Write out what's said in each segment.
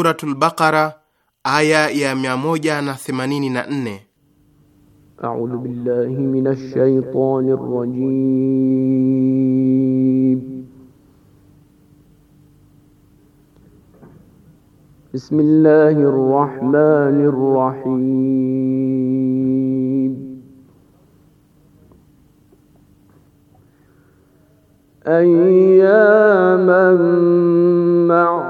Suratul Baqara aya ya 184. A'udhu billahi minash shaitanir rajim. Bismillahir rahmanir rahim. Ayyaman ma'a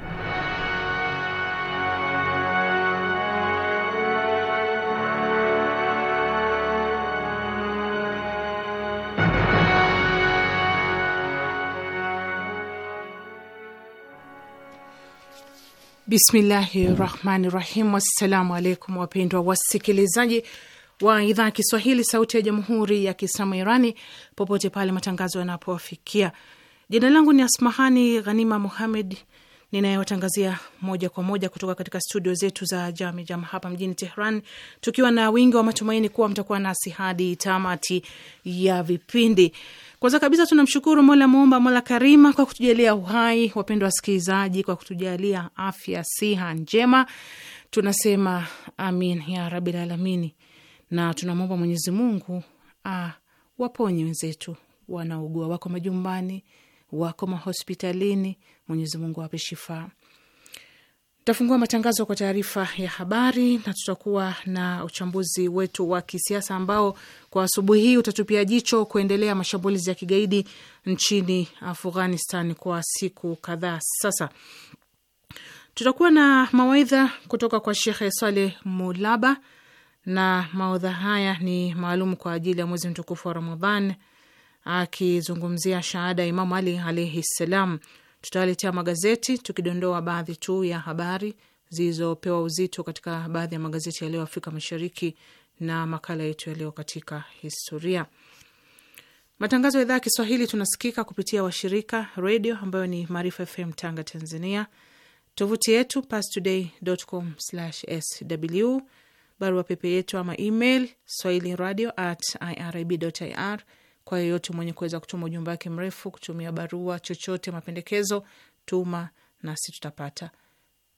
Bismillahi rahmani rahim. Wassalamu alaikum wapendwa wasikilizaji wa idhaa ya Kiswahili sauti ya jamhuri ya Kiislamu Irani popote pale matangazo yanapowafikia. Jina langu ni Asmahani Ghanima Muhamed ninayewatangazia moja kwa moja kutoka katika studio zetu za jami jama hapa mjini Tehran, tukiwa na wingi wa matumaini kuwa mtakuwa nasi hadi tamati ya vipindi. Kwanza kabisa tunamshukuru Mola Muumba, Mola Karima kwa kutujalia uhai. Wapendwa wasikilizaji, kwa kutujalia afya, siha njema, tunasema amin ya rabil alamini, na tunamwomba Mwenyezi Mungu wenzetu wanaugua, wako majumbani, wako mahospitalini. Mwenyezi Mungu awape shifaa. Tutafungua matangazo kwa taarifa ya habari na tutakuwa na uchambuzi wetu wa kisiasa ambao kwa asubuhi hii utatupia jicho kuendelea mashambulizi ya kigaidi nchini Afghanistan kwa siku kadhaa sasa. Tutakuwa na mawaidha kutoka kwa Shekhe Saleh Mulaba, na maodha haya ni maalum kwa ajili ya mwezi mtukufu wa Ramadhan, akizungumzia shahada Imamu Ali alaihi ssalam. Tutawaletea magazeti tukidondoa baadhi tu ya habari zilizopewa uzito katika baadhi ya magazeti yaliyo Afrika Mashariki na makala yetu yaliyo katika historia. Matangazo ya idhaa ya Kiswahili tunasikika kupitia washirika redio ambayo ni Maarifa FM Tanga, Tanzania. Tovuti yetu pastoday.com sw, barua pepe yetu ama email swahili radio at irib.ir kwa yeyote mwenye kuweza kutuma ujumbe wake mrefu, kutumia barua, chochote, mapendekezo, tuma nasi tutapata.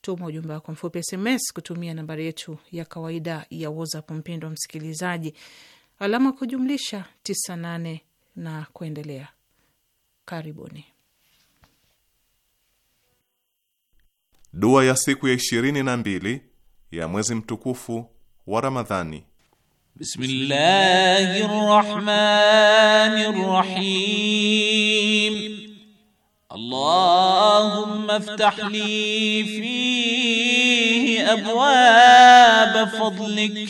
Tuma ujumbe wako mfupi SMS kutumia nambari yetu ya kawaida ya WhatsApp, mpendo wa msikilizaji, alama kujumlisha 98 na kuendelea. Karibuni. Dua ya siku ya ishirini na mbili ya mwezi mtukufu wa Ramadhani. بسم الله الرحمن الرحيم اللهم افتح لي فيه ابواب فضلك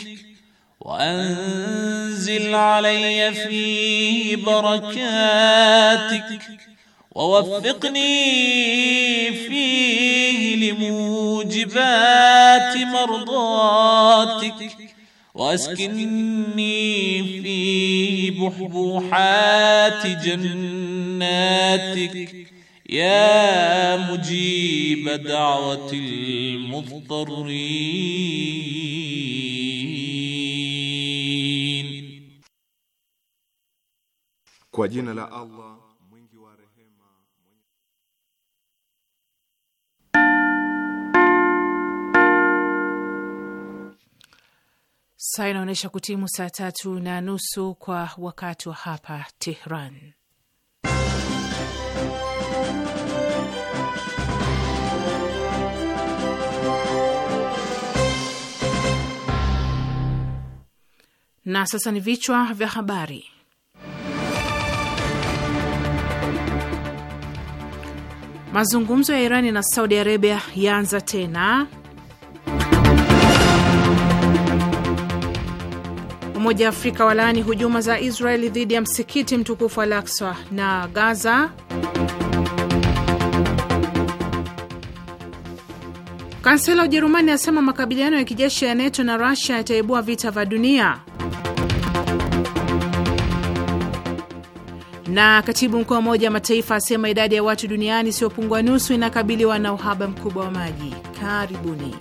وانزل علي فيه بركاتك ووفقني فيه لموجبات مرضاتك واسكنني في بحبوحات جناتك يا مجيب دعوة المضطرين kwa jina la Saa inaonyesha kutimu saa tatu na nusu kwa wakati wa hapa Tehran. Na sasa ni vichwa vya habari. Mazungumzo ya Irani na Saudi Arabia yaanza tena. Umoja wa Afrika walaani hujuma za Israeli dhidi ya msikiti mtukufu wa Al-Aqsa na Gaza. Kansela wa Ujerumani asema makabiliano ya kijeshi ya NATO na Rusia yataibua vita vya dunia. Na katibu mkuu wa Umoja wa Mataifa asema idadi ya watu duniani isiyopungua nusu inakabiliwa na uhaba mkubwa wa maji. Karibuni.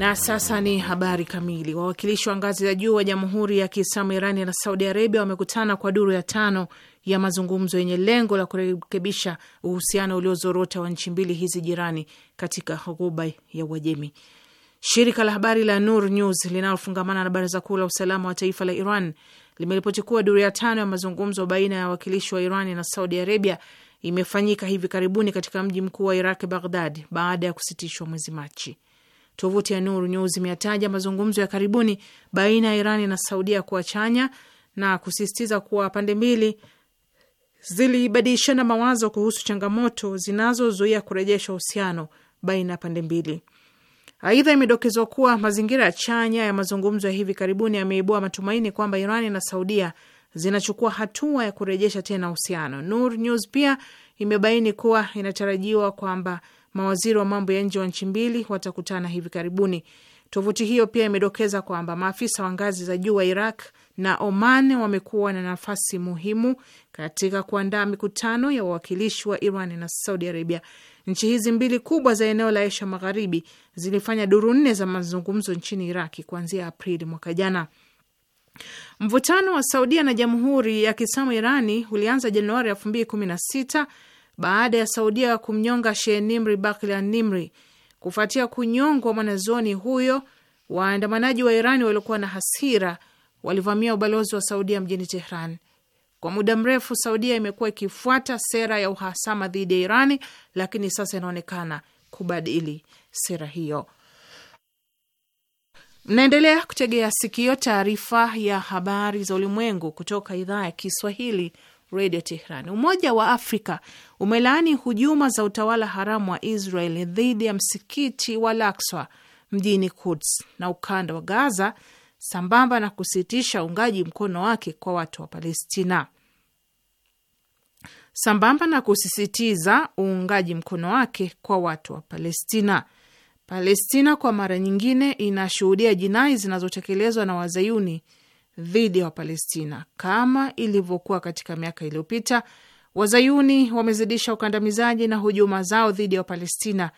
Na sasa ni habari kamili. Wawakilishi wa ngazi za juu wa Jamhuri ya Kiislamu Irani na Saudi Arabia wamekutana kwa duru ya tano ya mazungumzo yenye lengo la kurekebisha uhusiano uliozorota wa nchi mbili hizi jirani katika Ghuba ya Uajemi. Shirika la habari la Nur News linalofungamana na Baraza Kuu la Usalama wa Taifa la Iran limeripoti kuwa duru ya tano ya mazungumzo baina ya wawakilishi wa iran na Saudi Arabia imefanyika hivi karibuni katika mji mkuu wa Iraq, Baghdad, baada ya kusitishwa mwezi Machi. Tovuti ya Nuru News imeyataja mazungumzo ya karibuni baina ya Irani na Saudia kuwa chanya na kusisitiza kuwa pande mbili zilibadilishana mawazo kuhusu changamoto zinazozuia kurejesha uhusiano baina ya pande mbili. Aidha, imedokezwa kuwa mazingira ya chanya ya mazungumzo ya hivi karibuni yameibua matumaini kwamba Irani na Saudia zinachukua hatua ya kurejesha tena uhusiano. Nur News pia imebaini kuwa inatarajiwa kwamba Mawaziri wa mambo ya nje wa nchi mbili watakutana hivi karibuni. Tovuti hiyo pia imedokeza kwamba maafisa wa ngazi za juu wa Iraq na Oman wamekuwa na nafasi muhimu katika kuandaa mikutano ya wawakilishi wa Iran na Saudi Arabia. Nchi hizi mbili kubwa za eneo la Asia Magharibi zilifanya duru nne za mazungumzo nchini Iraki kuanzia Aprili mwaka jana. Mvutano wa Saudia na Jamhuri ya Kiislamu Irani ulianza Januari elfu mbili kumi na sita baada ya Saudia kumnyonga Sheikh Nimri Bakla nimri Kufuatia kunyongwa mwanazoni huyo, waandamanaji wa Irani waliokuwa na hasira walivamia ubalozi wa Saudia mjini Tehran. Kwa muda mrefu Saudia imekuwa ikifuata sera ya uhasama dhidi ya Irani, lakini sasa inaonekana kubadili sera hiyo. Mnaendelea kutegea sikio taarifa ya habari za ulimwengu kutoka idhaa ya Kiswahili redio Tehran. Umoja wa Afrika umelaani hujuma za utawala haramu wa Israel dhidi ya msikiti wa lakswa mjini Kuds na ukanda wa Gaza, sambamba na kusitisha uungaji mkono wake kwa watu wa Palestina, sambamba na kusisitiza uungaji mkono wake kwa watu wa Palestina. Palestina kwa mara nyingine inashuhudia jinai zinazotekelezwa na wazayuni dhidi ya Wapalestina. Kama ilivyokuwa katika miaka iliyopita, wazayuni wamezidisha ukandamizaji na hujuma zao dhidi ya Wapalestina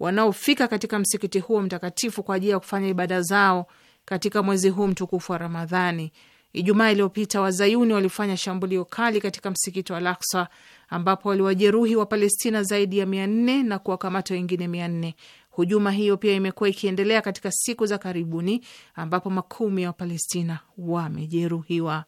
wanaofika katika msikiti huo mtakatifu kwa ajili ya kufanya ibada zao katika mwezi huu mtukufu wa Ramadhani. Ijumaa iliyopita wazayuni walifanya shambulio kali katika msikiti wa Al-Aqsa ambapo waliwajeruhi Wapalestina zaidi ya mia nne na kuwakamata wengine mia nne. Hujuma hiyo pia imekuwa ikiendelea katika siku za karibuni, ambapo makumi ya Wapalestina wamejeruhiwa.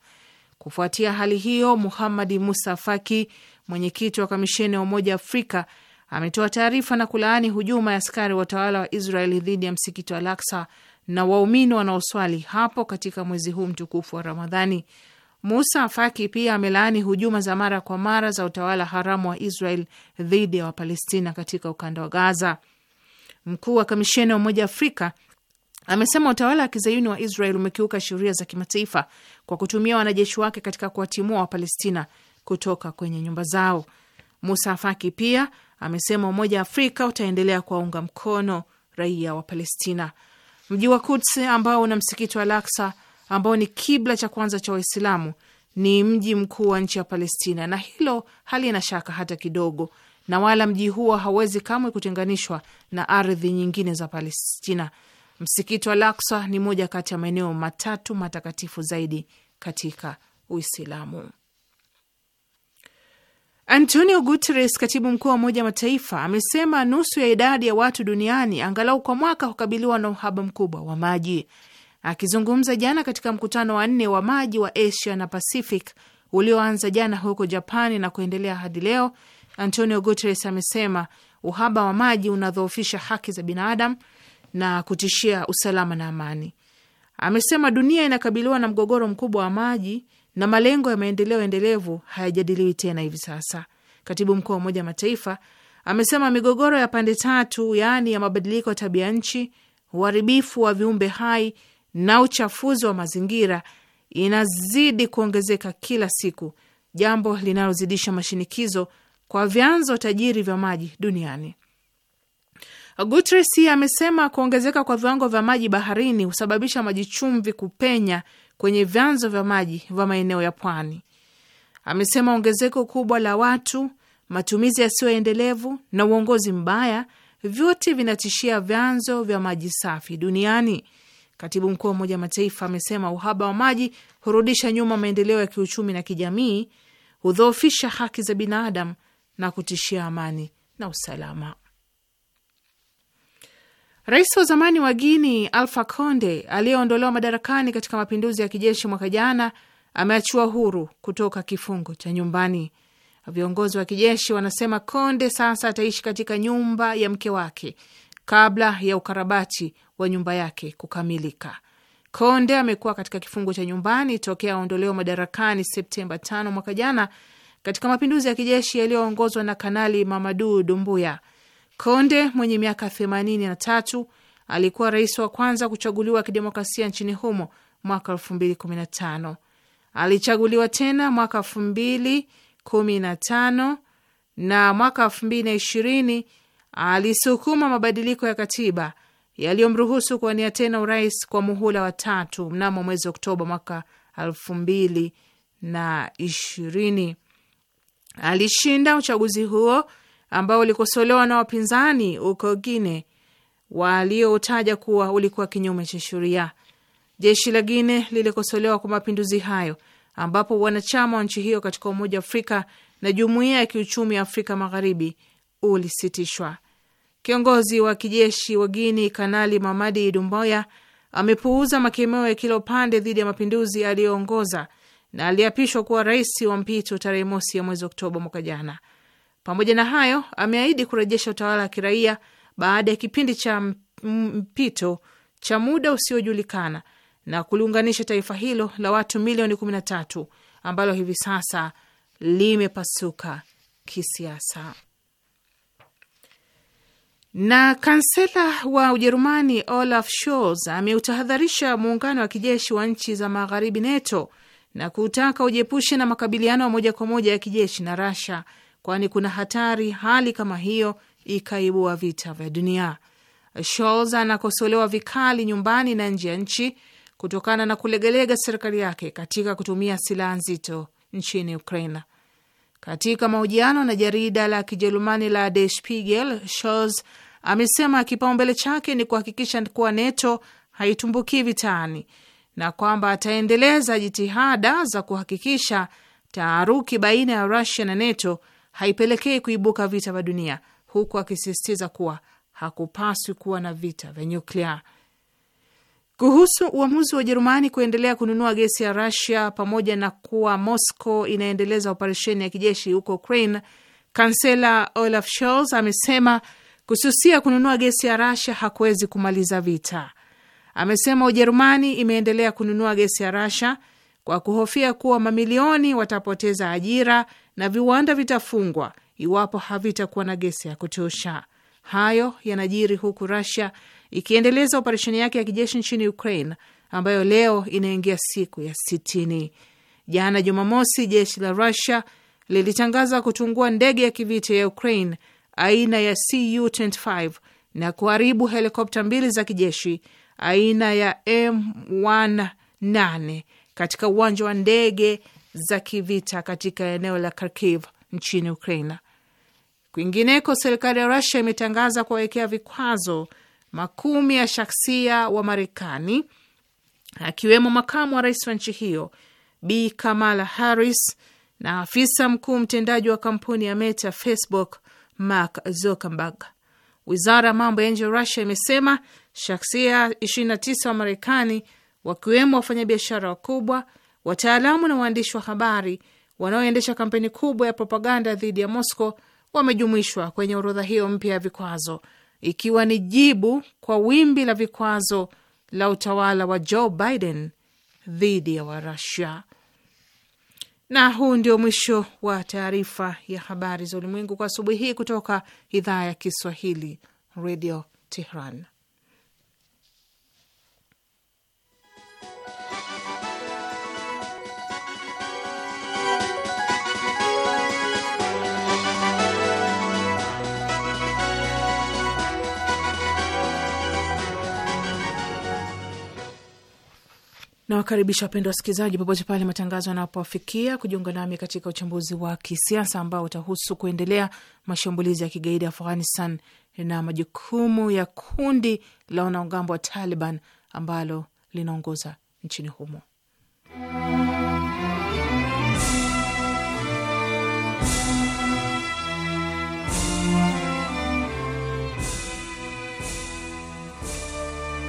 Kufuatia hali hiyo, Muhamadi Musa Faki, mwenyekiti wa kamisheni ya Umoja Afrika, ametoa taarifa na kulaani hujuma ya askari wa utawala wa Israeli dhidi ya msikiti wa Laksa na waumini wanaoswali hapo katika mwezi huu mtukufu wa Ramadhani. Musa Faki pia amelaani hujuma za mara kwa mara za utawala haramu wa Israel dhidi ya Wapalestina katika ukanda wa Gaza. Mkuu wa kamisheni wa Umoja Afrika amesema utawala wa kizayuni wa Israel umekiuka sheria za kimataifa kwa kutumia wanajeshi wake katika kuwatimua Wapalestina kutoka kwenye nyumba zao. Musa Faki pia amesema Umoja wa Afrika utaendelea kuwaunga mkono raia wa Palestina. Mji wa Kuds ambao una msikiti wa Al-Aqsa ambao ni kibla cha kwanza cha Waislamu ni mji mkuu wa nchi ya Palestina, na hilo halina shaka hata kidogo, na wala mji huo hauwezi kamwe kutenganishwa na ardhi nyingine za Palestina. Msikiti wa Al-Aqsa ni moja kati ya maeneo matatu matakatifu zaidi katika Uislamu. Antonio Guterres, katibu mkuu wa Umoja Mataifa, amesema nusu ya idadi ya watu duniani angalau kwa mwaka hukabiliwa na uhaba mkubwa wa maji. Akizungumza jana katika mkutano wa nne wa maji wa Asia na Pacific ulioanza jana huko Japani na kuendelea hadi leo, Antonio Guterres amesema uhaba wa maji unadhoofisha haki za binadamu na kutishia usalama na amani. Amesema dunia inakabiliwa na mgogoro mkubwa wa maji na malengo ya maendeleo endelevu hayajadiliwi tena hivi sasa. Katibu mkuu wa Umoja wa Mataifa amesema migogoro ya pande tatu, yaani ya mabadiliko ya tabia nchi, uharibifu wa viumbe hai na uchafuzi wa mazingira inazidi kuongezeka kila siku, jambo linalozidisha mashinikizo kwa vyanzo tajiri vya maji duniani. Guterres amesema kuongezeka kwa viwango vya maji baharini husababisha maji chumvi kupenya kwenye vyanzo vya maji vya maeneo ya pwani. Amesema ongezeko kubwa la watu, matumizi yasiyoendelevu na uongozi mbaya vyote vinatishia vyanzo vya maji safi duniani. Katibu mkuu wa Umoja Mataifa amesema uhaba wa maji hurudisha nyuma maendeleo ya kiuchumi na kijamii, hudhoofisha haki za binadamu na kutishia amani na usalama. Rais wa zamani wa Guini Alfa Conde aliyeondolewa madarakani katika mapinduzi ya kijeshi mwaka jana ameachiwa huru kutoka kifungo cha nyumbani. Viongozi wa kijeshi wanasema Conde sasa ataishi katika nyumba ya mke wake kabla ya ukarabati wa nyumba yake kukamilika. Conde amekuwa katika kifungo cha nyumbani tokea aondolewa madarakani Septemba 5 mwaka jana katika mapinduzi ya kijeshi yaliyoongozwa na Kanali Mamadu Dumbuya. Konde mwenye miaka themanini na tatu alikuwa rais wa kwanza kuchaguliwa kidemokrasia nchini humo mwaka elfu mbili kumi na tano. Alichaguliwa tena mwaka elfu mbili kumi na tano na mwaka elfu mbili na ishirini alisukuma mabadiliko ya katiba yaliyomruhusu kuwania tena urais kwa muhula wa tatu mnamo mwezi Oktoba mwaka elfu mbili na ishirini alishinda uchaguzi huo ambao ulikosolewa na wapinzani huko Guine walioutaja kuwa ulikuwa kinyume cha sheria. Jeshi la Guine lilikosolewa kwa mapinduzi hayo, ambapo wanachama wa nchi hiyo katika Umoja wa Afrika na Jumuiya ya Kiuchumi ya Afrika Magharibi ulisitishwa. Kiongozi wa kijeshi wa Guini, Kanali Mamadi Dumboya, amepuuza makemeo ya kila upande dhidi ya mapinduzi aliyoongoza na aliapishwa kuwa rais wa mpito tarehe mosi ya mwezi Oktoba mwaka jana. Pamoja na hayo, ameahidi kurejesha utawala wa kiraia baada ya kipindi cha mpito cha muda usiojulikana na kuliunganisha taifa hilo la watu milioni 13 ambalo hivi sasa limepasuka kisiasa. Na kansela wa Ujerumani Olaf Scholz ameutahadharisha muungano wa kijeshi wa nchi za magharibi NATO na kutaka ujiepushe na makabiliano ya moja kwa moja ya kijeshi na Rasha, kwani kuna hatari hali kama hiyo ikaibua vita vya dunia. Scholz anakosolewa vikali nyumbani na nje ya nchi kutokana na kulegelega serikali yake katika kutumia silaha nzito nchini Ukraina. Katika mahojiano na jarida la Kijerumani la Der Spiegel, Scholz amesema kipaumbele chake ni kuhakikisha kuwa NATO haitumbukii vitani na kwamba ataendeleza jitihada za kuhakikisha taaruki baina ya Rusia na NATO haipelekei kuibuka vita vya dunia, huku akisisitiza kuwa hakupaswi kuwa na vita vya nyuklia. Kuhusu uamuzi wa Ujerumani kuendelea kununua gesi ya Rusia pamoja na kuwa Moscow inaendeleza operesheni ya kijeshi huko Ukraine, kansela Olaf Scholz amesema kususia kununua gesi ya Rusia hakuwezi kumaliza vita amesema Ujerumani imeendelea kununua gesi ya Rasha kwa kuhofia kuwa mamilioni watapoteza ajira na viwanda vitafungwa iwapo havitakuwa na gesi ya kutosha. Hayo yanajiri huku Rasia ikiendeleza operesheni yake ya kijeshi nchini Ukraine ambayo leo inaingia siku ya sitini. Jana Jumamosi, jeshi la Rusia lilitangaza kutungua ndege ya kivita ya Ukraine aina ya cu25 na kuharibu helikopta mbili za kijeshi aina ya M18 katika uwanja wa ndege za kivita katika eneo la Kharkiv nchini Ukraina. Kwingineko, serikali ya Rusia imetangaza kuwawekea vikwazo makumi ya shaksia wa Marekani, akiwemo makamu wa rais wa nchi hiyo Bi Kamala Harris na afisa mkuu mtendaji wa kampuni ya Meta Facebook Mark Zuckerberg. Wizara ya mambo ya nje ya Rusia imesema Shaksia 29 wa Marekani, wakiwemo wafanyabiashara wakubwa, wataalamu na waandishi wa habari wanaoendesha kampeni kubwa ya propaganda dhidi ya Moscow wamejumuishwa kwenye orodha hiyo mpya ya vikwazo, ikiwa ni jibu kwa wimbi la vikwazo la utawala wa Joe Biden dhidi ya Warusia. Na huu ndio mwisho wa taarifa ya habari za ulimwengu kwa asubuhi hii kutoka idhaa ya Kiswahili, Radio Tehran. Nawakaribisha wapendwa wasikilizaji, popote pale matangazo yanapowafikia, kujiunga nami katika uchambuzi wa kisiasa ambao utahusu kuendelea mashambulizi ya kigaidi Afghanistan na majukumu ya kundi la wanamgambo wa Taliban ambalo linaongoza nchini humo.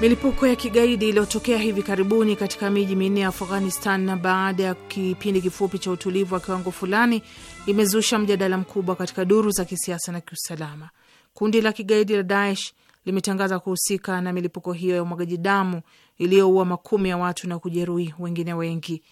Milipuko ya kigaidi iliyotokea hivi karibuni katika miji minne ya Afghanistan na baada ya kipindi kifupi cha utulivu wa kiwango fulani imezusha mjadala mkubwa katika duru za kisiasa na kiusalama. Kundi la kigaidi la Daesh limetangaza kuhusika na milipuko hiyo ya umwagaji damu iliyoua makumi ya watu na kujeruhi wengine wengi.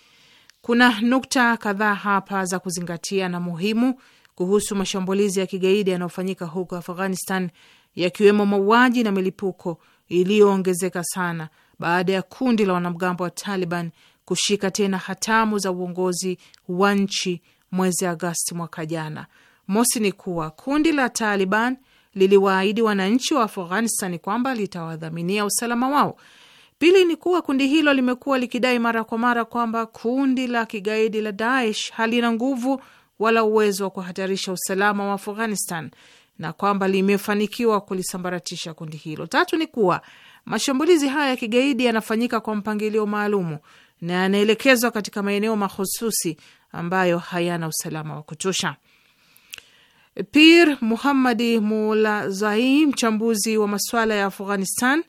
Kuna nukta kadhaa hapa za kuzingatia na muhimu kuhusu mashambulizi ya kigaidi yanayofanyika huko Afghanistan, yakiwemo mauaji na milipuko iliyoongezeka sana baada ya kundi la wanamgambo wa Taliban kushika tena hatamu za uongozi wa nchi mwezi Agasti mwaka jana. Mosi ni kuwa kundi la Taliban liliwaahidi wananchi wa Afghanistan kwamba litawadhaminia usalama wao. Pili ni kuwa kundi hilo limekuwa likidai mara kwa mara kwamba kundi la kigaidi la Daesh halina nguvu wala uwezo wa kuhatarisha usalama wa Afghanistan, na kwamba limefanikiwa kulisambaratisha kundi hilo. Tatu ni kuwa mashambulizi haya ya kigaidi yanafanyika kwa mpangilio maalumu na yanaelekezwa katika maeneo mahususi ambayo hayana usalama wa kutosha. Pir Muhammadi Mulazai, mchambuzi wa masuala ya Afghanistan,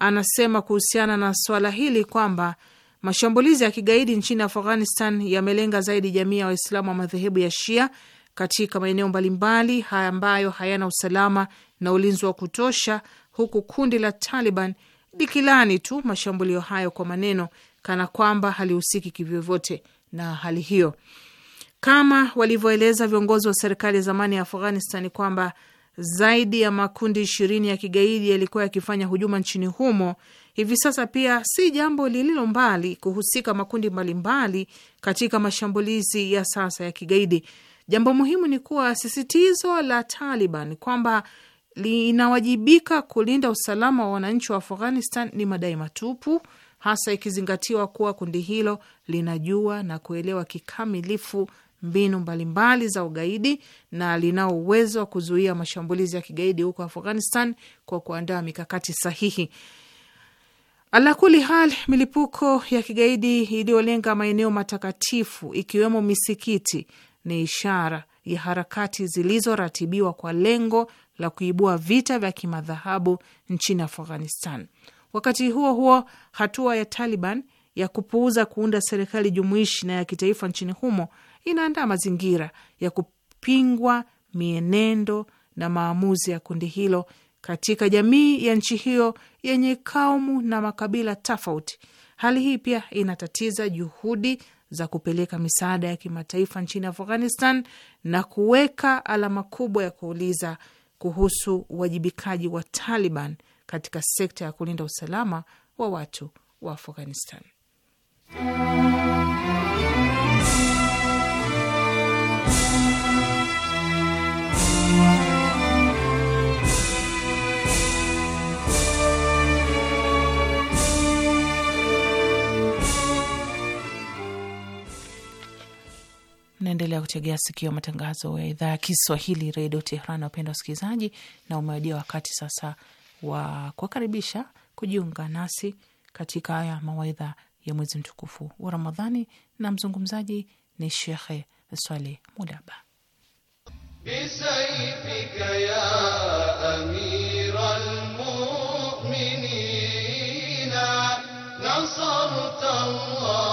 anasema kuhusiana na swala hili kwamba mashambulizi ya kigaidi nchini Afghanistan yamelenga zaidi jamii ya Waislamu wa madhehebu ya Shia katika maeneo mbalimbali ambayo hayana usalama na ulinzi wa kutosha, huku kundi la Taliban likilani tu mashambulio hayo kwa maneno kana kwamba halihusiki kivyovyote na hali hiyo, kama walivyoeleza viongozi wa serikali ya zamani ya Afghanistan kwamba zaidi ya makundi ishirini ya kigaidi yalikuwa yakifanya hujuma nchini humo. Hivi sasa pia si jambo lililo mbali kuhusika makundi mbalimbali katika mashambulizi ya sasa ya kigaidi Jambo muhimu ni kuwa sisitizo la Taliban kwamba linawajibika kulinda usalama wa wananchi wa Afghanistan ni madai matupu, hasa ikizingatiwa kuwa kundi hilo linajua na kuelewa kikamilifu mbinu mbalimbali za ugaidi na linao uwezo wa kuzuia mashambulizi ya kigaidi huko Afghanistan kwa kuandaa mikakati sahihi. kuli hal, milipuko ya kigaidi iliyolenga maeneo matakatifu ikiwemo misikiti ni ishara ya harakati zilizoratibiwa kwa lengo la kuibua vita vya kimadhahabu nchini Afghanistan. Wakati huo huo, hatua ya Taliban ya kupuuza kuunda serikali jumuishi na ya kitaifa nchini humo inaandaa mazingira ya kupingwa mienendo na maamuzi ya kundi hilo katika jamii ya nchi hiyo yenye kaumu na makabila tofauti. Hali hii pia inatatiza juhudi za kupeleka misaada ya kimataifa nchini Afghanistan na kuweka alama kubwa ya kuuliza kuhusu uwajibikaji wa Taliban katika sekta ya kulinda usalama wa watu wa Afghanistan. Naendelea kutegea sikio matangazo ya idhaa ya Kiswahili redio Tehran. Wapenda wasikilizaji, na umewadia wakati sasa wa kuwakaribisha kujiunga nasi katika haya mawaidha ya mwezi mtukufu wa Ramadhani, na mzungumzaji ni Shekhe Swaleh Mudaba. ya amiral muminina nasarta Allah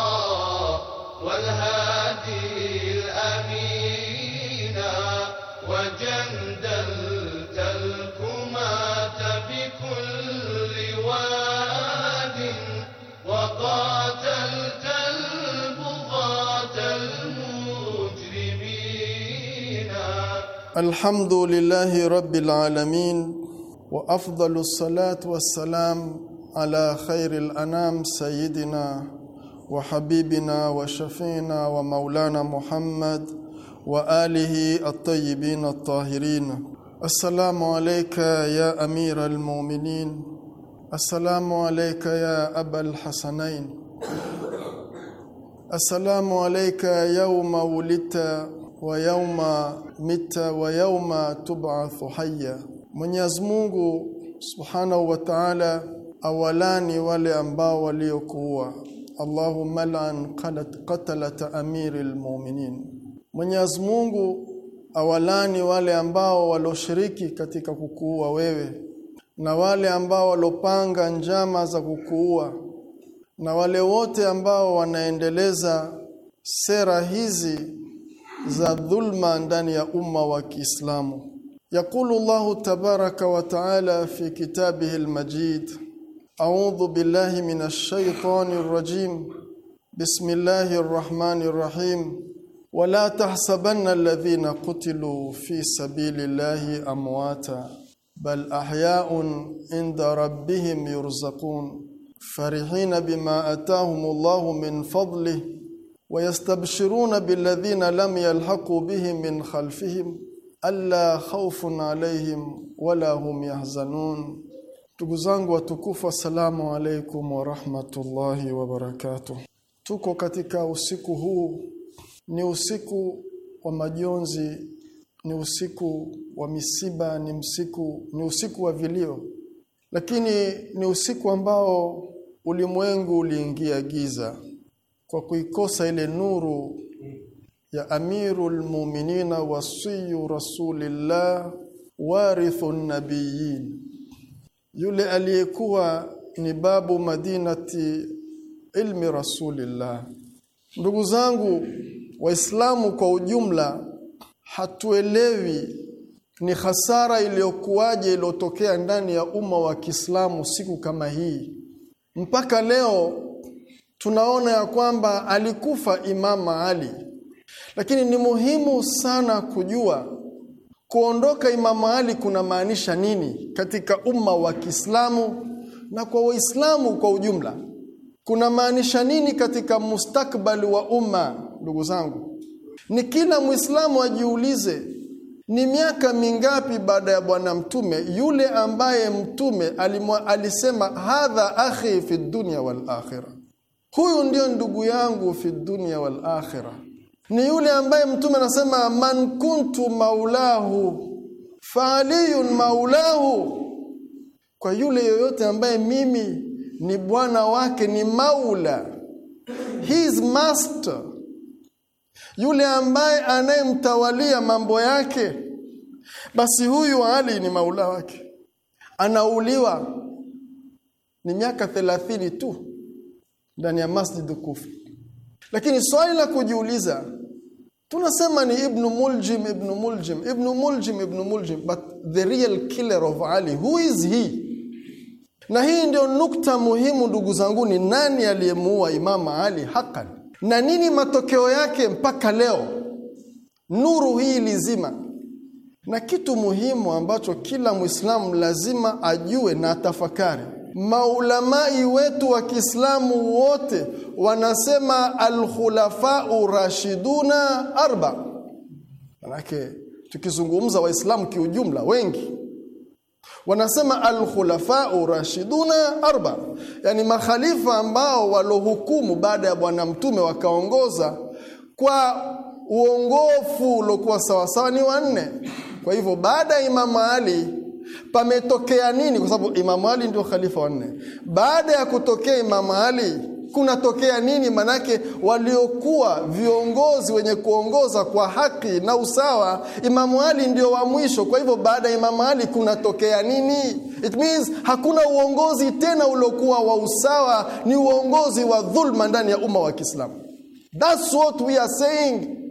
الحمد لله رب العالمين وافضل الصلاه والسلام على خير الانام سيدنا وحبيبنا وشفينا ومولانا محمد واله الطيبين الطاهرين السلام عليك يا امير المؤمنين السلام عليك يا ابا الحسنين السلام عليك يوم ولدت yauma mita wayauma tub'athu hayya Mwenyezi Mungu Subhanahu wa Ta'ala awalani wale ambao waliokuwa Allahumma lan qatalat amiril mu'minin Mwenyezi Mungu awalani wale ambao waloshiriki katika kukuua wewe na wale ambao walopanga njama za kukuua na wale wote ambao wanaendeleza sera hizi za dhulma ndani ya umma wa Kiislamu. يقول الله تبارك وتعالى في كتابه المجيد أعوذ بالله من الشيطان الرجيم بسم الله الرحمن الرحيم ولا تحسبن الذين قتلوا في سبيل الله أمواتا بل أحياء عند ربهم يرزقون فرحين بما أتاهم الله من فضله ويستبشرون بالذين لم يلحقوا بهم من خلفهم الا خوف عليهم ولا هم يحزنون Ndugu zangu watukufu, assalamu alaikum wa rahmatullahi wa barakatuh. Tuko katika usiku huu, ni usiku wa majonzi, ni usiku wa misiba, ni msiku, ni usiku wa vilio, lakini ni usiku ambao ulimwengu uliingia giza kwa kuikosa ile nuru ya amirul mu'minina wasiyu rasulillah warithun nabiyyin yule aliyekuwa ni babu madinati ilmi rasulillah ndugu zangu waislamu kwa ujumla hatuelewi ni hasara iliyokuwaje iliyotokea ndani ya umma wa Kiislamu siku kama hii mpaka leo tunaona ya kwamba alikufa Imama Ali, lakini ni muhimu sana kujua kuondoka Imama Ali kuna maanisha nini katika umma wa Kiislamu na kwa Waislamu kwa ujumla, kuna maanisha nini katika mustakbali wa umma? Ndugu zangu, ni kila Mwislamu ajiulize ni miaka mingapi baada ya Bwana Mtume yule ambaye Mtume alimwa, alisema hadha akhi fi dunya wal akhirah Huyu ndio ndugu yangu fi dunya wal akhira Ni yule ambaye mtume anasema man kuntu maulahu fa aliyun maulahu. Kwa yule yoyote ambaye mimi ni bwana wake ni maula. His master. Yule ambaye anayemtawalia mambo yake basi huyu Ali ni maula wake. Anauliwa ni miaka thelathini tu ndani ya Masjid Kufi. Lakini swali la kujiuliza tunasema ni Ibn Muljim Ibn Muljim Ibn Muljim Ibn Muljim but the real killer of Ali who is he? Na hii ndio nukta muhimu ndugu zangu ni nani aliyemuua Imama Ali hakan? Na nini matokeo yake mpaka leo? Nuru hii lizima. Na kitu muhimu ambacho kila Muislamu lazima ajue na atafakari Maulamai wetu wa Kiislamu wote wanasema alkhulafau rashiduna arba. Manake tukizungumza Waislamu kiujumla wengi wanasema alkhulafau rashiduna arba, yani makhalifa ambao walohukumu baada ya bwana mtume wakaongoza kwa uongofu uliokuwa sawasawa ni wanne. Kwa hivyo baada ya Imamu Ali pametokea nini kwa sababu Imam Ali ndio khalifa wa nne baada ya kutokea Imam Ali kunatokea nini manake waliokuwa viongozi wenye kuongoza kwa haki na usawa Imam Ali ndio wa mwisho kwa hivyo baada ya Imam Ali kunatokea nini it means hakuna uongozi tena uliokuwa wa usawa ni uongozi wa dhulma ndani ya umma wa Kiislamu that's what we are saying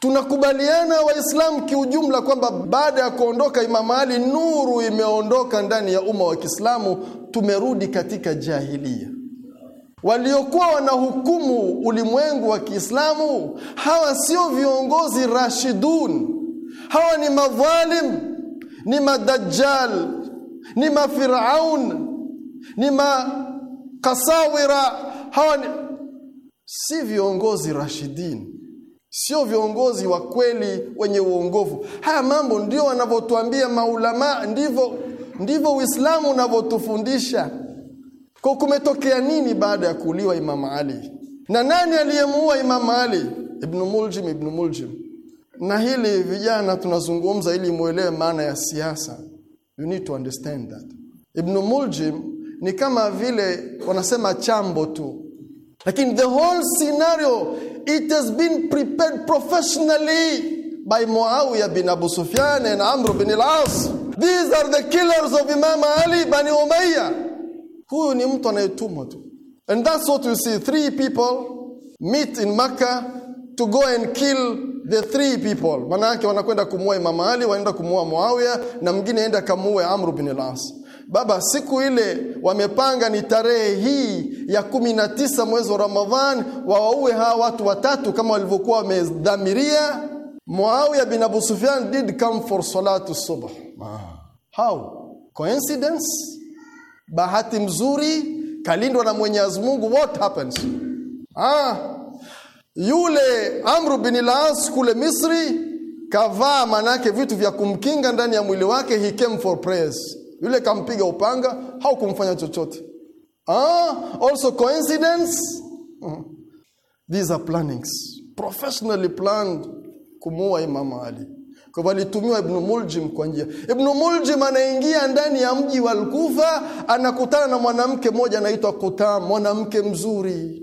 Tunakubaliana Waislamu kiujumla kwamba baada ya kuondoka Imam Ali, nuru imeondoka ndani ya umma wa Kiislamu, tumerudi katika jahilia. Waliokuwa wanahukumu ulimwengu wa Kiislamu hawa sio viongozi rashidun, hawa ni madhalim, ni madajjal, ni mafiraun, ni makasawira. Hawa ni... si viongozi rashidini sio viongozi wa kweli wenye uongovu Haya mambo ndio wanavyotuambia maulama, ndivyo ndivyo Uislamu unavyotufundisha. Kwa kumetokea nini baada ya kuuliwa Imam Ali? Na nani aliyemuua Imam Ali? Ibn Muljim, Ibn Muljim. Na hili vijana tunazungumza ili muelewe maana ya siasa. You need to understand that. Ibn Muljim ni kama vile wanasema chambo tu. Lakini the whole scenario It has been prepared professionally by Muawiyah bin Abu Sufyan and Amr bin al-As. These are the killers of Imam Ali Bani Umayyah. Huyu ni mtu anayetumwa tu. And that's what you see. Three people meet in Makkah to go and kill the three people. Maana yake wanakwenda kumuua Imam Ali, waenda kumuua Muawiyah na mwingine aenda kamuue Amr bin al-As. Baba, siku ile wamepanga ni tarehe hii ya kumi na tisa mwezi wa Ramadhan, wawaue hawa watu watatu kama walivyokuwa wamedhamiria. Muawiya bin Abu Sufyan did come for salatu subh. Ah, how? Coincidence? Bahati mzuri kalindwa na Mwenyezi Mungu. What happens? Ah, yule Amru bin Laas kule Misri kavaa manake vitu vya kumkinga ndani ya mwili wake, he came for prayers yule kampiga upanga au kumfanya chochote. Ah, also coincidence? Mm-hmm. These are plannings. Professionally planned kumuua Imam Ali. Kwa alitumiwa ibnu Muljim kwa njia. ibnu Muljim anaingia ndani ya mji wa lkufa anakutana na mwanamke mmoja anaitwa Kutam, mwanamke mzuri.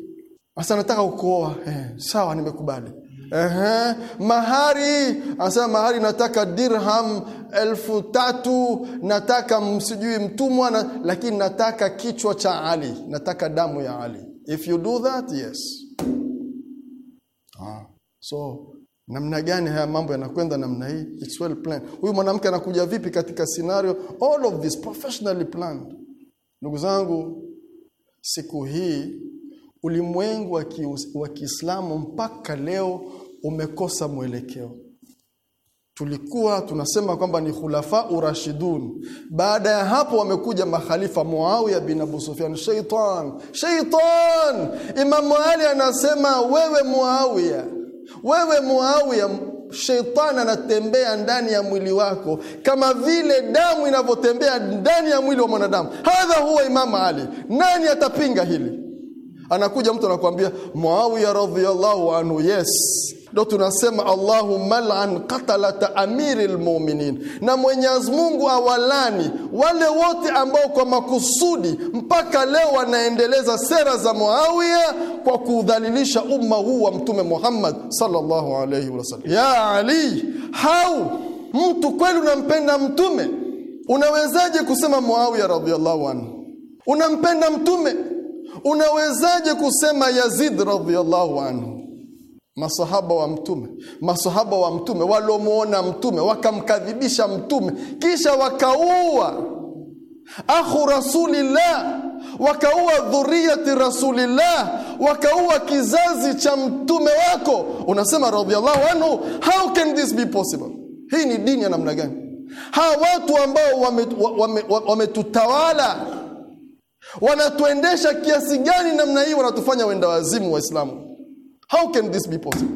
Sasa nataka kukuoa. Eh, sawa nimekubali. Ehe, mahari anasema mahari nataka dirham elfu tatu nataka msijui mtumwa na, lakini nataka kichwa cha Ali nataka damu ya Ali if you do that yes ah. so namna gani haya mambo yanakwenda namna hii it's well planned huyu mwanamke anakuja vipi katika scenario all of this professionally planned ndugu zangu siku hii ulimwengu wa Kiislamu mpaka leo umekosa mwelekeo. Tulikuwa tunasema kwamba ni khulafa urashidun. Baada ya hapo wamekuja makhalifa Muawiya bin Abu Sufyan, shaitan, shaitan. Imamu Ali anasema wewe Muawiya, wewe Muawiya, shaitan anatembea ndani ya mwili wako kama vile damu inavyotembea ndani ya mwili wa mwanadamu. Hadha huwa Imamu Ali, nani atapinga hili? Anakuja mtu anakuambia Muawiya radhiyallahu anhu, yes ndo tunasema Allahumma lan qatalata amiril mu'minin, na Mwenyezi Mungu awalani wale wote ambao kwa makusudi mpaka leo wanaendeleza sera za Muawiya kwa kudhalilisha umma huu wa Mtume Muhammad sallallahu alayhi wasallam. Ya Ali, hau mtu kweli unampenda Mtume? Unawezaje kusema Muawiya radhiyallahu anhu unampenda Mtume? Unawezaje kusema Yazid radhiallahu anhu? Masahaba wa Mtume, masahaba wa Mtume walomwona Mtume wakamkadhibisha Mtume, kisha wakaua akhu rasulillah, wakaua dhuriyati rasulillah, wakaua kizazi cha mtume wako. Unasema radhiallahu anhu, how can this be possible? Hii ni dini ya namna gani? Hawa watu ambao wametutawala wame, wame, wame wanatuendesha kiasi gani namna hii wanatufanya wenda wazimu waislamu how can this be possible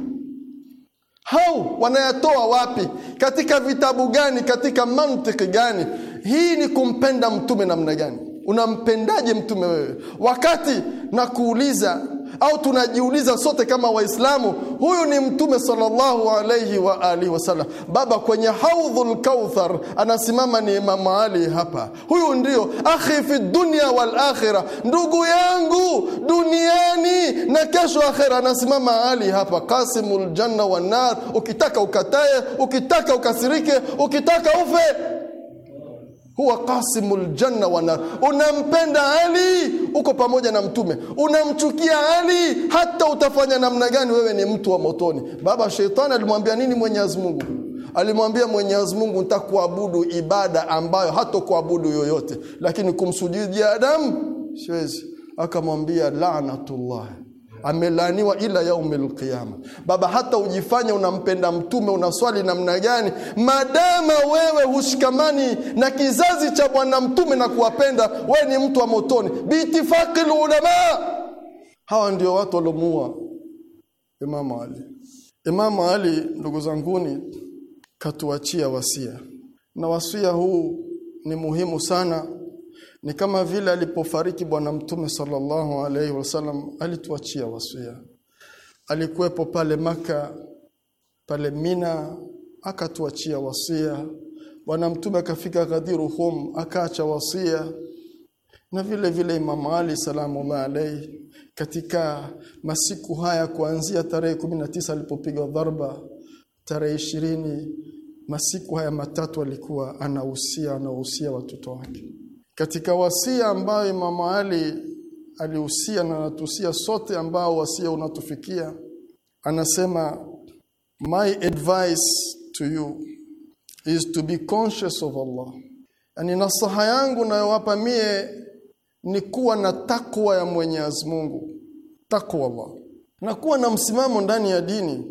how wanayatoa wapi katika vitabu gani katika mantiki gani hii ni kumpenda mtume namna gani unampendaje mtume wewe wakati na kuuliza au tunajiuliza sote kama Waislamu, huyu ni Mtume sallallahu alayhi wa alihi wasallam. Baba kwenye haudhul kauthar anasimama ni Imam Ali hapa, huyu ndio akhi fi dunya wal akhirah, ndugu yangu duniani na kesho akhira. Anasimama Ali hapa, qasimul janna wan nar. Ukitaka ukataye ukitaka ukasirike, ukitaka ufe huwa qasimu ljanna wanar. Unampenda Ali, uko pamoja na Mtume. Unamchukia Ali, hata utafanya namna gani, wewe ni mtu wa motoni. Baba Sheitani alimwambia nini Mwenyezi Mungu? Alimwambia Mwenyezi Mungu, ibada ambayo hatokuabudu yoyote, lakini kumsujudia Adamu siwezi. Akamwambia laanatullahi amelaaniwa ila yaumil qiyama. Baba, hata ujifanya unampenda mtume unaswali namna gani, madama wewe hushikamani na kizazi cha bwana mtume na kuwapenda, wewe ni mtu wa motoni biitifaqi lulama. Hawa ndio watu waliomuua Imamu Ali. Imamu Ali, ndugu zanguni, katuachia wasia, na wasia huu ni muhimu sana ni kama vile alipofariki bwana mtume sallallahu alaihi wasallam alituachia wasia. Alikuwepo pale maka pale Mina akatuachia wasia. Bwana mtume akafika Ghadirhum akaacha wasia na vile vile Imam Ali salamullah alaihi katika masiku haya kuanzia tarehe kumi na tisa alipopigwa dharba tarehe ishirini masiku haya matatu alikuwa anahusia anahusia watoto wake katika wasia ambayo Imam Ali alihusia na anatuhusia sote ambao wasia unatufikia anasema my advice to you is to be conscious of Allah yani nasaha yangu nayowapa mie ni kuwa na takwa ya Mwenyezi Mungu takwa Allah na kuwa na msimamo ndani ya dini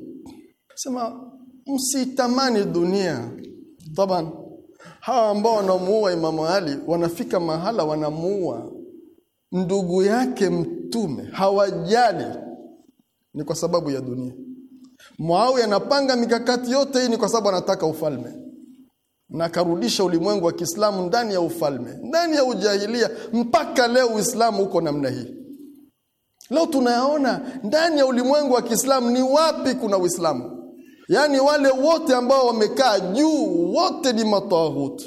sema msitamani dunia taban hawa ambao wanamuua Imamu Ali wanafika mahala wanamuua ndugu yake mtume, hawajali ni kwa sababu ya dunia. Muawiya anapanga mikakati yote hii ni kwa sababu anataka ufalme na akarudisha ulimwengu wa Kiislamu ndani ya ufalme, ndani ya ujahilia. Mpaka leo Uislamu uko namna hii. Leo tunayaona ndani ya ulimwengu wa Kiislamu, ni wapi kuna Uislamu? yaani wale wote ambao wamekaa juu wote ni matahut,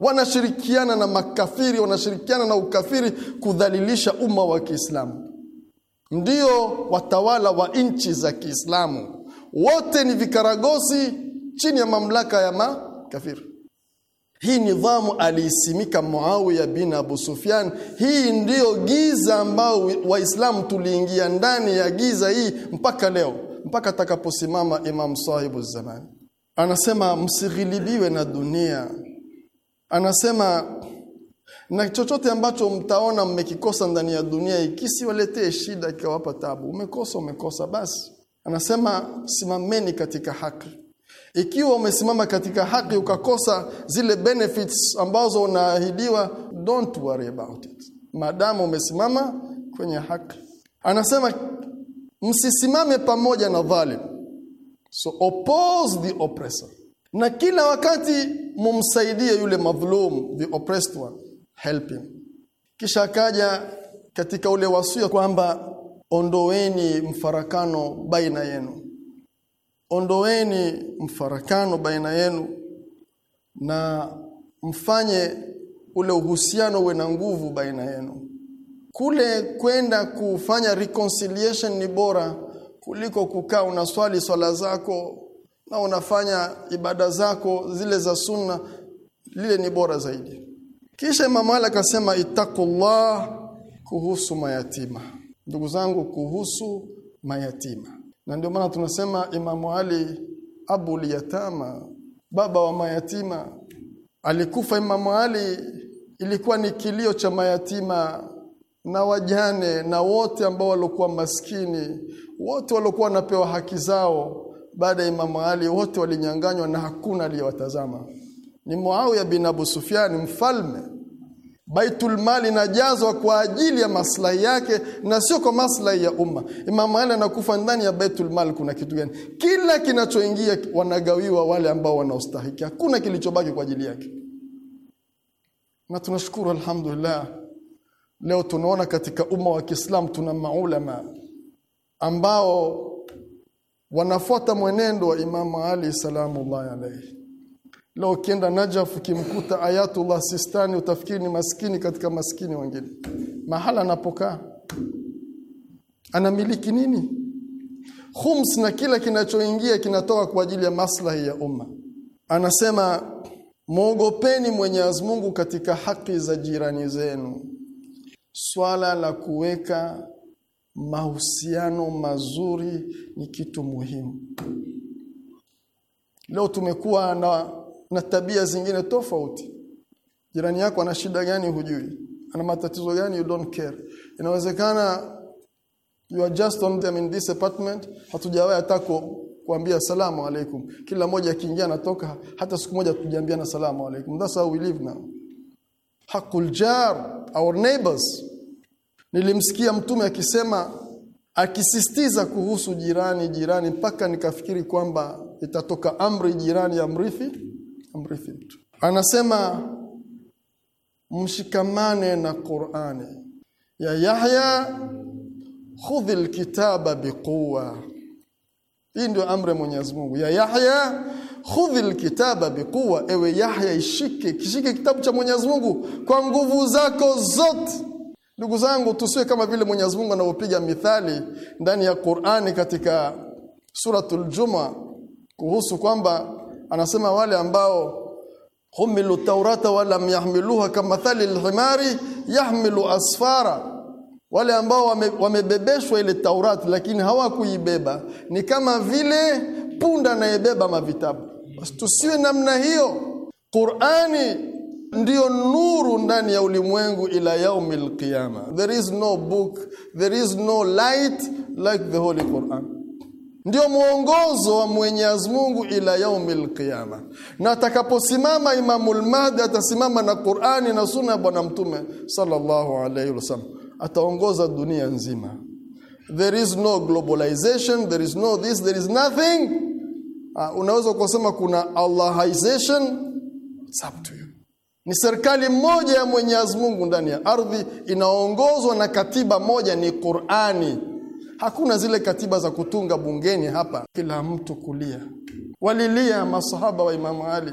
wanashirikiana na makafiri wanashirikiana na ukafiri kudhalilisha umma wa kiislamu ndio watawala wa nchi za kiislamu wote ni vikaragosi chini ya mamlaka ya makafiri hii nidhamu aliisimika Muawiya bin Abu Sufyan. Hii ndiyo giza ambao Waislamu tuliingia ndani ya giza hii mpaka leo mpaka atakaposimama Imam Sahibu Zaman. Anasema msighilibiwe na dunia. Anasema na chochote ambacho mtaona mmekikosa ndani ya dunia ikisiwaletee shida ikawapa tabu. Umekosa umekosa basi. Anasema simameni katika haki. Ikiwa umesimama katika haki ukakosa zile benefits ambazo unaahidiwa, don't worry about it. Maadamu umesimama kwenye haki. Anasema msisimame pamoja na dhalim so oppose the oppressor na kila wakati mumsaidie yule madhulum the oppressed one help him kisha akaja katika ule wasia kwamba ondoweni mfarakano baina yenu ondoweni mfarakano baina yenu na mfanye ule uhusiano uwe na nguvu baina yenu kule kwenda kufanya reconciliation ni bora kuliko kukaa unaswali swala zako na unafanya ibada zako zile za sunna, lile ni bora zaidi. Kisha Imam Ali akasema ittaqullah kuhusu mayatima. Ndugu zangu, kuhusu mayatima, na ndio maana tunasema Imamu Ali abu yatama, baba wa mayatima. Alikufa Imamu Ali, ilikuwa ni kilio cha mayatima na wajane na wote ambao waliokuwa maskini, wote waliokuwa wanapewa haki zao baada ya Imamu Ali wote walinyanganywa na hakuna aliyewatazama. Ni Muawiya bin Abu Sufyan mfalme. Baitul Mal inajazwa kwa ajili ya maslahi yake na sio kwa maslahi ya umma. Imamu Ali anakufa ndani ya Baitul Mal, kuna kitu gani? Kila kinachoingia wanagawiwa wale ambao wanaostahiki. Hakuna kilichobaki kwa ajili yake. Na tunashukuru alhamdulillah Leo tunaona katika umma wa Kiislamu tuna maulama ambao wanafuata mwenendo wa Imamu Ali salamullahi alayhi. Leo ukienda Najaf ukimkuta Ayatullah Sistani utafikiri ni maskini katika maskini wengine. Mahala anapokaa anamiliki nini? Khums na kila kinachoingia kinatoka kwa ajili ya maslahi ya umma. Anasema muogopeni Mwenyezi Mungu katika haki za jirani zenu swala la kuweka mahusiano mazuri ni kitu muhimu. Leo tumekuwa na, na tabia zingine tofauti. Jirani yako ana shida gani hujui, ana matatizo gani you don't care. Inawezekana you are just on them in this apartment, hatujawahi hata kuambia salamu alaikum. Kila mmoja akiingia anatoka, hata siku moja tujiambiana salamu alaikum. That's how we live now. Hakul jar our neighbors Nilimsikia mtume akisema akisisitiza kuhusu jirani jirani mpaka nikafikiri kwamba itatoka amri jirani ya mrithi amrithi mtu. Anasema mshikamane na Qur'ani. Ya Yahya khudhi alkitaba biquwa. Hii ndio amri Mwenyezi Mungu. Ya Yahya khudhi alkitaba biquwa, ewe Yahya ishike kishike kitabu cha Mwenyezi Mungu kwa nguvu zako zote. Ndugu zangu tusiwe kama vile Mwenyezi Mungu anavyopiga mithali ndani ya Qur'ani katika suratul Juma kuhusu kwamba anasema wale ambao humilu taurata walam yahmiluha kamathali lhimari yahmilu asfara wale ambao wame, wamebebeshwa ile Taurati lakini hawakuibeba ni kama vile punda anayebeba mavitabu tusiwe namna hiyo Qur'ani ndiyo nuru ndani ya ulimwengu ila yaumi lqiama. There is no book, there is no light like the Holy Quran, ndiyo mwongozo wa Mwenyezi Mungu ila yaumi lqiama, Na atakaposimama Imamul Mahdi atasimama na Qurani na sunna ya Bwana Mtume sallallahu alaihi wasallam, ataongoza dunia nzima. There is no globalization, there is no this, there is nothing. Uh, unaweza kusema kuna allahization, it's up to you. Ni serikali moja ya Mwenyezi Mungu ndani ya ardhi inaongozwa na katiba moja, ni Qur'ani. Hakuna zile katiba za kutunga bungeni hapa, kila mtu kulia. Walilia masahaba wa Imamu Ali,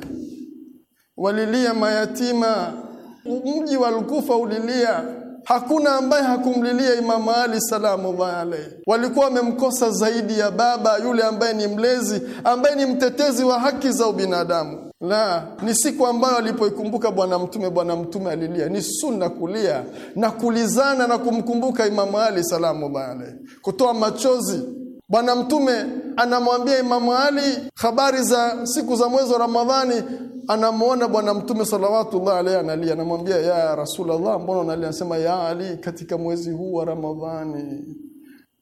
walilia mayatima, mji wa lukufa ulilia. Hakuna ambaye hakumlilia Imamu Ali salamullahi alayhi. Walikuwa wamemkosa zaidi ya baba yule ambaye ni mlezi, ambaye ni mtetezi wa haki za ubinadamu na ni siku ambayo alipoikumbuka bwana mtume bwana mtume alilia. Ni sunna kulia na kulizana na kumkumbuka Imamu Ali salamu Kutoa machozi. Bwana mtume anamwambia Imamu Ali habari za siku za mwezi wa Ramadhani anamwona bwana mtume salawatullah alayhi analia anamwambia ya rasulllah mbona unalia anasema ya ali katika mwezi huu wa ramadhani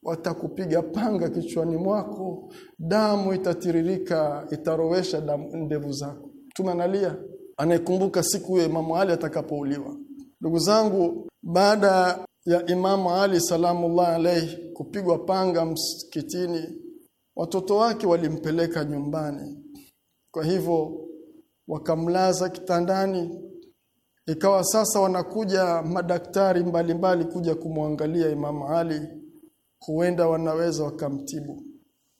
watakupiga panga kichwani mwako damu itatiririka itarowesha ndevu zako Mtume analia, anaikumbuka siku ya Imamu Ali atakapouliwa. Ndugu zangu, baada ya Imamu Ali salamullah alayhi kupigwa panga msikitini, watoto wake walimpeleka nyumbani. Kwa hivyo wakamlaza kitandani. Ikawa sasa wanakuja madaktari mbalimbali mbali kuja kumwangalia Imamu Ali, huenda wanaweza wakamtibu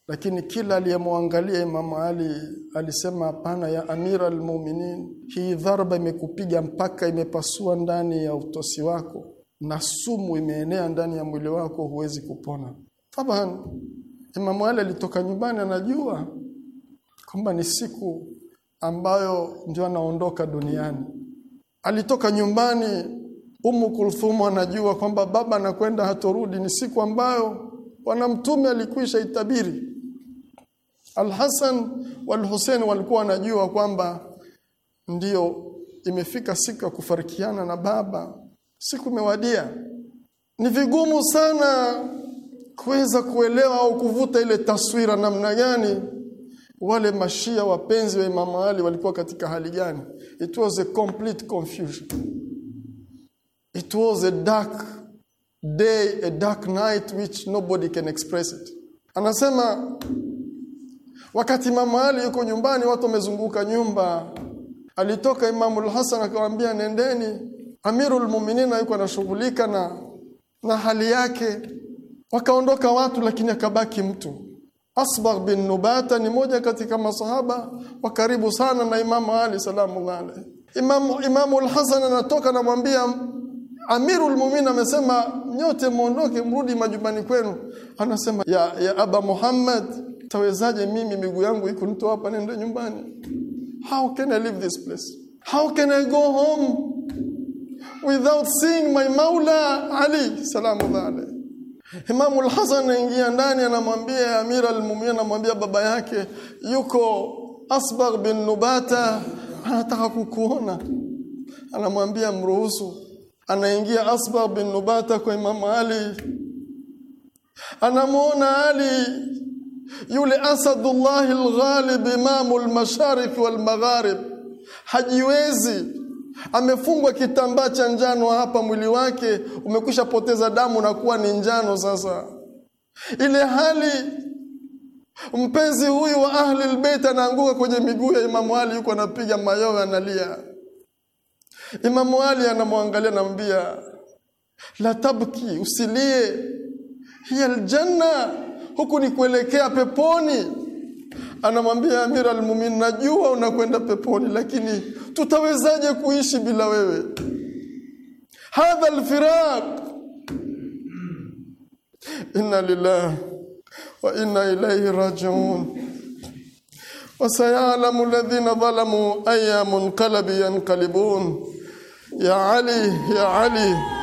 lakini kila aliyemwangalia Imam Ali alisema hapana ya amir almu'minin hii dharba imekupiga mpaka imepasua ndani ya utosi wako na sumu imeenea ndani ya mwili wako huwezi kupona taban Imamu Ali alitoka nyumbani anajua kwamba ni siku ambayo ndio anaondoka duniani alitoka nyumbani Umu Kulthumu anajua kwamba baba anakwenda hatorudi ni siku ambayo bwana mtume alikwisha itabiri Al-Hasan wal-Hussein walikuwa wanajua kwamba ndiyo imefika siku ya kufarikiana na baba, siku imewadia. Ni vigumu sana kuweza kuelewa au kuvuta ile taswira namna gani wale mashia wapenzi wa Imam Ali walikuwa katika hali gani. It was a complete confusion. It was a dark day, a dark night which nobody can express it. Anasema Wakati Imamu Ali yuko nyumbani, watu wamezunguka nyumba, alitoka Imamu al-Hasan akawaambia, nendeni. Amirul Mu'minin yuko anashughulika na na hali yake. Wakaondoka watu, lakini akabaki mtu. Asbagh bin Nubata ni moja katika masahaba wa karibu sana na Imamu Ali salamu alayhi. Imamu, Imamu al-Hasan anatoka anamwambia Amirul Mu'minin amesema nyote muondoke mrudi majumbani kwenu. Anasema ya, ya Aba Muhammad tawezaje mimi miguu yangu mtu hapa nende nyumbani how can i leave this place how can i go home without seeing my maula ali salamu alayhi Imamu al-Hasan anaingia ndani anamwambia Amir al-Mu'minin anamwambia baba yake yuko asbar bin Nubata anataka kukuona anamwambia mruhusu anaingia asbar bin Nubata kwa Imam Ali anamuona Ali yule asadullahi lghalib imamu lmasharik walmagharib hajiwezi amefungwa kitambaa cha njano hapa mwili wake umekwisha poteza damu na kuwa ni njano sasa ile hali mpenzi huyu wa ahli lbeit anaanguka kwenye miguu ya imamu ali yuko anapiga mayowe analia imamu ali anamwangalia anamwambia la tabki usilie hiya ljanna huku ni kuelekea peponi. Anamwambia Amira Almumin, najua unakwenda peponi, lakini tutawezaje kuishi bila wewe? Hadha alfiraq inna lillahi wa inna ilayhi rajiun. sayalamu alladhina ظلموا أي منقلب yanqalibun ya ali ya ali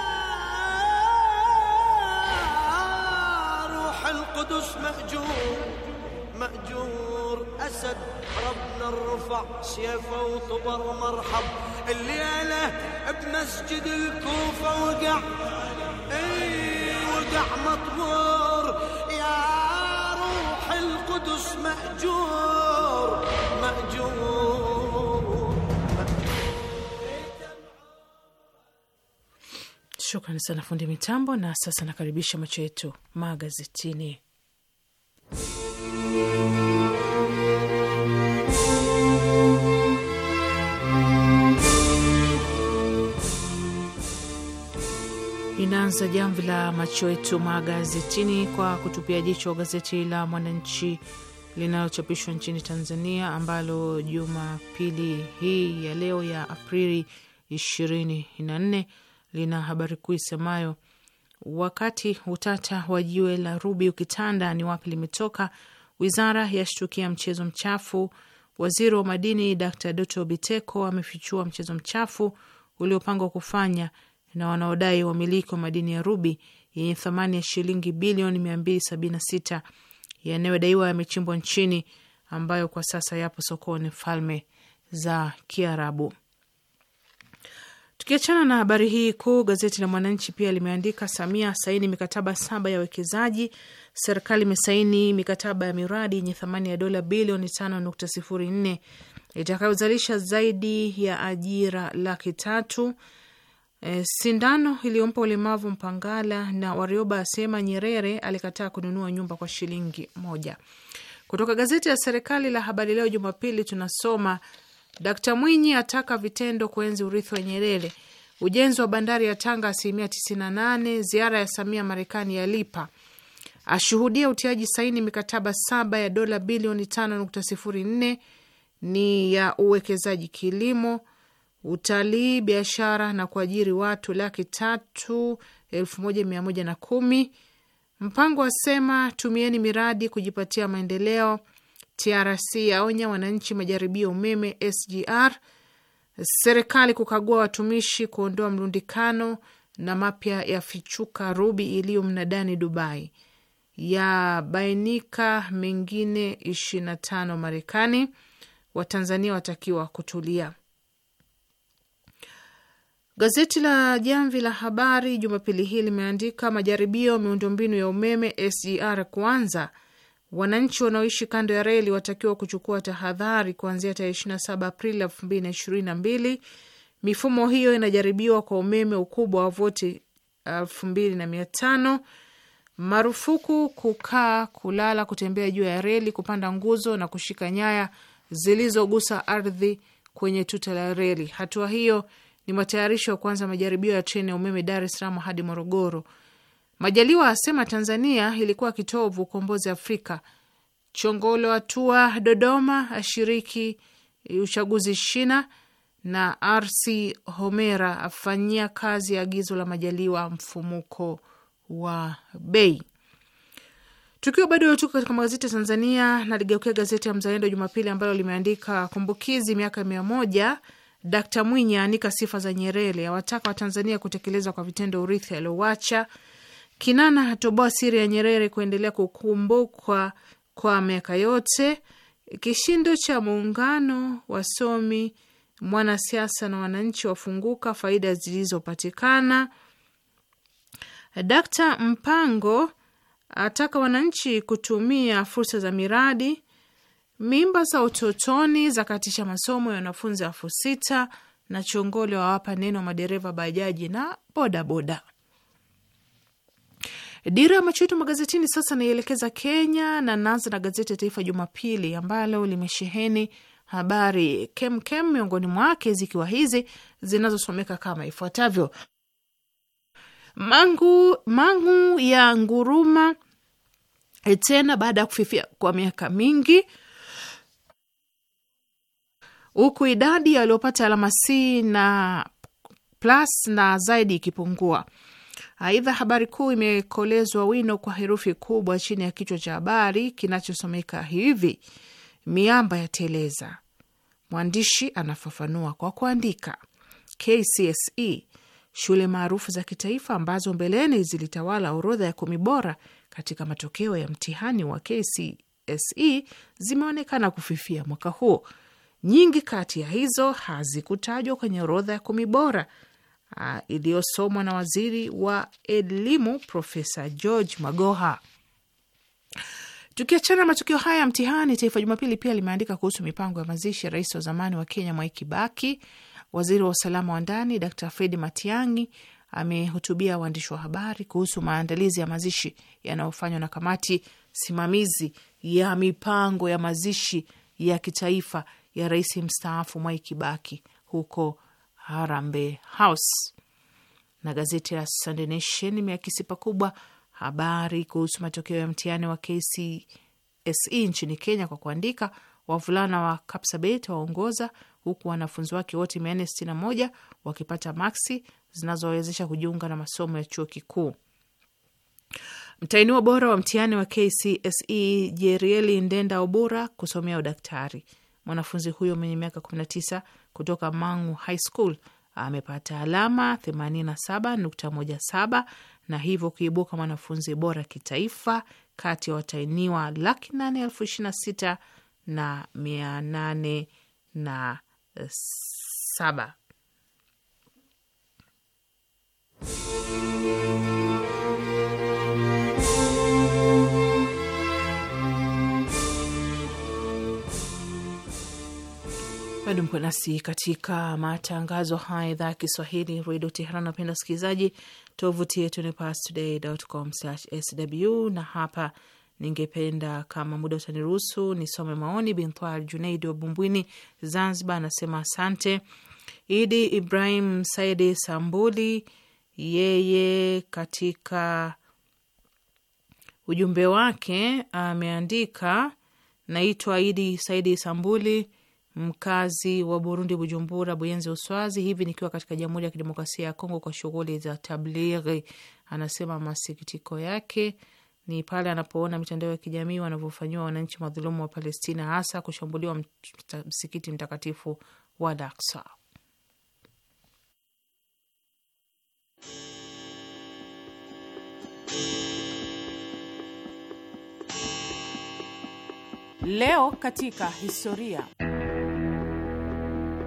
يرفع سيفه وطبر مرحب الليلة بمسجد الكوفة وقع اي وقع مطبور يا روح القدس مأجور مأجور Shukrani sana fundi mitambo, na sasa nakaribisha macho yetu magazetini. inaanza jamvi la macho yetu magazetini kwa kutupia jicho gazeti la Mwananchi linalochapishwa nchini Tanzania, ambalo Jumapili hii ya leo ya Aprili 24 lina habari kuu isemayo wakati utata wa jiwe la Rubi ukitanda, ni wapi limetoka? Wizara yashtukia mchezo mchafu. Waziri wa madini Dr Doto Biteko amefichua mchezo mchafu uliopangwa kufanya na wanaodai wamiliki wa madini ya rubi yenye thamani ya shilingi bilioni sita yanayodaiwa yamechimbwa nchini ambayo kwa sasa yapo sokoni Falme za Kiarabu. Tukiachana na habari hii kuu, gazeti la Mwananchi pia limeandika Samia saini mikataba saba ya wekezaji. Serikali imesaini mikataba ya miradi yenye thamani ya dola bilioni tano nne itakayozalisha zaidi ya ajira laki tatu. E, sindano iliyompa ulemavu Mpangala na Warioba asema Nyerere alikataa kununua nyumba kwa shilingi moja. Kutoka gazeti la serikali la Habari Leo Jumapili tunasoma Dkt Mwinyi ataka vitendo kuenzi urithi wa Nyerere, ujenzi wa bandari ya Tanga asilimia 98, ziara ya Samia Marekani yalipa, ashuhudia utiaji saini mikataba saba ya dola bilioni 5.04 ni ya uwekezaji kilimo utalii, biashara na kuajiri watu laki tatu elfu moja mia moja na kumi. Mpango wasema tumieni miradi kujipatia maendeleo. TRC yaonya wananchi majaribio umeme SGR. Serikali kukagua watumishi kuondoa mlundikano, na mapya yafichuka rubi iliyo mnadani Dubai, yabainika mengine 25 Marekani. Watanzania watakiwa kutulia. Gazeti la Jamvi la Habari Jumapili hii limeandika majaribio miundombinu ya umeme SGR kwanza. Wananchi wanaoishi kando ya reli watakiwa kuchukua tahadhari kuanzia tarehe 27 Aprili 2022. Mifumo hiyo inajaribiwa kwa umeme ukubwa wa voti 2500. Marufuku kukaa, kulala, kutembea juu ya reli, kupanda nguzo na kushika nyaya zilizogusa ardhi kwenye tuta la reli. Hatua hiyo ni matayarisho ya kwanza majaribio ya treni ya umeme Dar es Salaam hadi Morogoro. Majaliwa asema Tanzania ilikuwa kitovu ukombozi Afrika. Chongolo atua Dodoma ashiriki uchaguzi shina na RC Homera afanyia kazi agizo la Majaliwa mfumuko wa bei. Tukiwa bado tuko katika magazeti ya Tanzania, naligeukia gazeti ya Mzalendo Jumapili ambalo limeandika kumbukizi miaka mia moja Dkt Mwinyi aanika sifa za Nyerere, awataka Watanzania kutekeleza kwa vitendo urithi aliowacha. Kinana hatoboa siri ya Nyerere kuendelea kukumbukwa kwa miaka yote. Kishindo cha muungano, wasomi, mwanasiasa na wananchi wafunguka faida zilizopatikana. Dkt Mpango ataka wananchi kutumia fursa za miradi Mimba za utotoni zakatisha masomo ya wanafunzi elfu sita na chongole wawapa neno madereva bajaji na bodaboda. Dira ya macho yetu magazetini sasa naielekeza Kenya na naanza na gazeti ya Taifa Jumapili ambalo limesheheni habari kemkem, miongoni mwake zikiwa hizi zinazosomeka kama ifuatavyo: mangu mangu ya nguruma tena baada ya kufifia kwa miaka mingi huku idadi yaliyopata alama C na plus na zaidi ikipungua. Aidha, habari kuu imekolezwa wino kwa herufi kubwa chini ya kichwa cha habari kinachosomeka hivi: miamba ya teleza. Mwandishi anafafanua kwa kuandika, KCSE shule maarufu za kitaifa ambazo mbeleni zilitawala orodha ya kumi bora katika matokeo ya mtihani wa KCSE zimeonekana kufifia mwaka huo Nyingi kati ya hizo hazikutajwa kwenye orodha ya kumi bora ah, iliyosomwa na waziri wa elimu Profesa George Magoha. Tukiachana na matukio haya ya mtihani, Taifa Jumapili pia limeandika kuhusu mipango ya mazishi ya rais wa zamani wa Kenya Mwai Kibaki. Waziri wa usalama wa ndani Dr Fredi Matiang'i amehutubia waandishi wa habari kuhusu maandalizi ya mazishi yanayofanywa na kamati simamizi ya mipango ya mazishi ya kitaifa ya rais mstaafu Mwai Kibaki huko Harambe House. Na gazeti la Sunday Nation imeakisi pakubwa habari kuhusu matokeo ya mtihani wa KCSE nchini Kenya kwa kuandika wavulana wa Kapsabet waongoza huku wanafunzi wake wote mia nne moja wakipata maksi zinazowawezesha kujiunga na masomo ya chuo kikuu. Mtainiwa bora wa mtihani wa KCSE Jerieli Ndenda Obura kusomea udaktari. Mwanafunzi huyo mwenye miaka 19 kutoka Mangu High School amepata alama 87.17 na hivyo kuibuka mwanafunzi bora kitaifa kati ya watainiwa laki nane elfu ishirini na sita na mia nane na saba. Bado mko nasi katika matangazo haya idhaa ya Kiswahili redio Teheran. Napenda wasikilizaji, tovuti yetu ni pastodaycom sw na hapa ningependa kama muda utaniruhusu nisome maoni. Bintwar Junaidi wa Bumbwini, Zanzibar, anasema asante. Idi Ibrahim Saidi Sambuli, yeye katika ujumbe wake ameandika, naitwa Idi Saidi Sambuli mkazi wa Burundi, Bujumbura, Buyenzi Uswazi, hivi nikiwa katika Jamhuri ya Kidemokrasia ya Kongo kwa shughuli za tablighi. Anasema masikitiko yake ni pale anapoona mitandao ya kijamii wanavyofanyiwa wananchi madhulumu wa Palestina, hasa kushambuliwa msikiti mtakatifu wa Al-Aqsa. Leo katika historia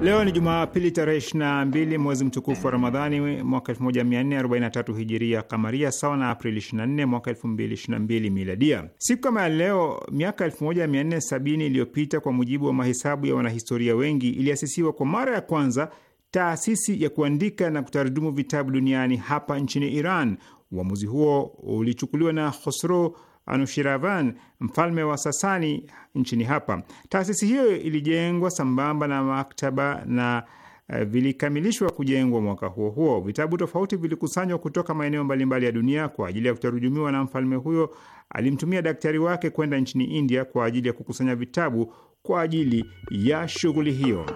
Leo ni Jumapili tarehe 22 mwezi mtukufu wa Ramadhani mwaka 1443 hijiria kamaria, sawa na Aprili 24 mwaka 2022 miladia. Siku kama ya leo miaka 1470 iliyopita, kwa mujibu wa mahesabu ya wanahistoria wengi, iliasisiwa kwa mara ya kwanza taasisi ya kuandika na kutarudumu vitabu duniani hapa nchini Iran. Uamuzi huo ulichukuliwa na Khosro Anushiravan, mfalme wa Sasani nchini hapa. Taasisi hiyo ilijengwa sambamba na maktaba na uh, vilikamilishwa kujengwa mwaka huo huo. Vitabu tofauti vilikusanywa kutoka maeneo mbalimbali ya dunia kwa ajili ya kutarujumiwa, na mfalme huyo alimtumia daktari wake kwenda nchini India kwa ajili ya kukusanya vitabu kwa ajili ya shughuli hiyo.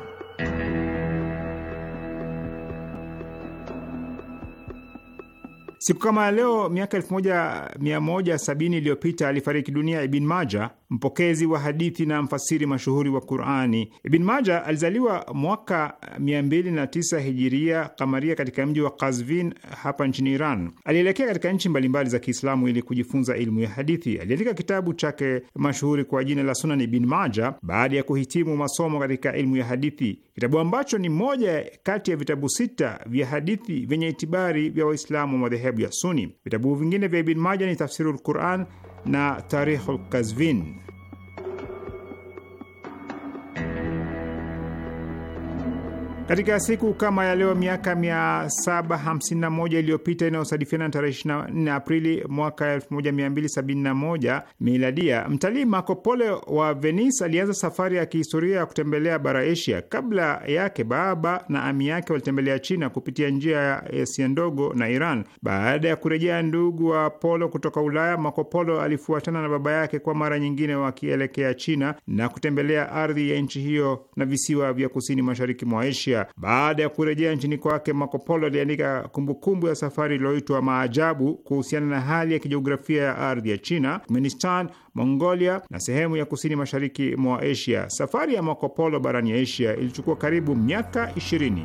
Siku kama ya leo miaka 1170 iliyopita alifariki dunia Ibn Maja, mpokezi wa hadithi na mfasiri mashuhuri wa Qurani. Ibn Maja alizaliwa mwaka 209 hijiria kamaria katika mji wa Kazvin hapa nchini Iran. Alielekea katika nchi mbalimbali za Kiislamu ili kujifunza ilmu ya hadithi. Aliandika kitabu chake mashuhuri kwa jina la Sunan Ibn Maja baada ya kuhitimu masomo katika ilmu ya hadithi, kitabu ambacho ni moja kati ya vitabu sita vya hadithi vyenye itibari vya Waislamu wa madhehebu ya Suni. Vitabu vingine vya Ibn Maja ni Tafsirul Quran na Tarikh Kazvin Katika siku kama ya leo miaka 751 iliyopita inayosadifiana na tarehe 24 Aprili mwaka 1271 miladia, mtalii Marco Polo wa Venice alianza safari ya kihistoria ya kutembelea bara Asia. Kabla yake baba na ami yake walitembelea China kupitia njia ya Asia ndogo na Iran. Baada ya kurejea ndugu wa Polo kutoka Ulaya, Marco Polo alifuatana na baba yake kwa mara nyingine, wakielekea China na kutembelea ardhi ya nchi hiyo na visiwa vya kusini mashariki mwa Asia. Baada ya kurejea nchini kwake, Marco Polo aliandika kumbukumbu ya safari iliyoitwa Maajabu kuhusiana na hali ya kijiografia ya ardhi ya China, Turkmenistan, Mongolia na sehemu ya kusini mashariki mwa Asia. Safari ya Marco Polo barani Asia ilichukua karibu miaka 20.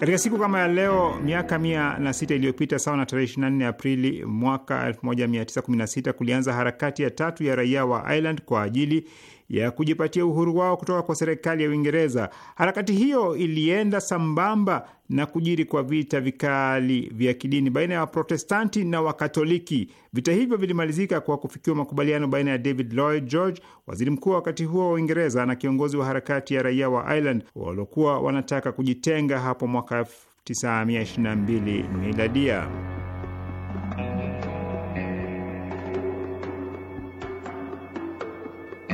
Katika siku kama ya leo miaka mia na sita iliyopita sawa na tarehe 24 Aprili mwaka 1916 kulianza harakati ya tatu ya raia wa Ireland kwa ajili ya kujipatia uhuru wao kutoka kwa serikali ya Uingereza. Harakati hiyo ilienda sambamba na kujiri kwa vita vikali vya kidini baina ya Waprotestanti na Wakatoliki. Vita hivyo vilimalizika kwa kufikiwa makubaliano baina ya David Lloyd George, waziri mkuu wa wakati huo wa Uingereza, na kiongozi wa harakati ya raia wa Ireland waliokuwa wanataka kujitenga hapo mwaka 1922 miladia.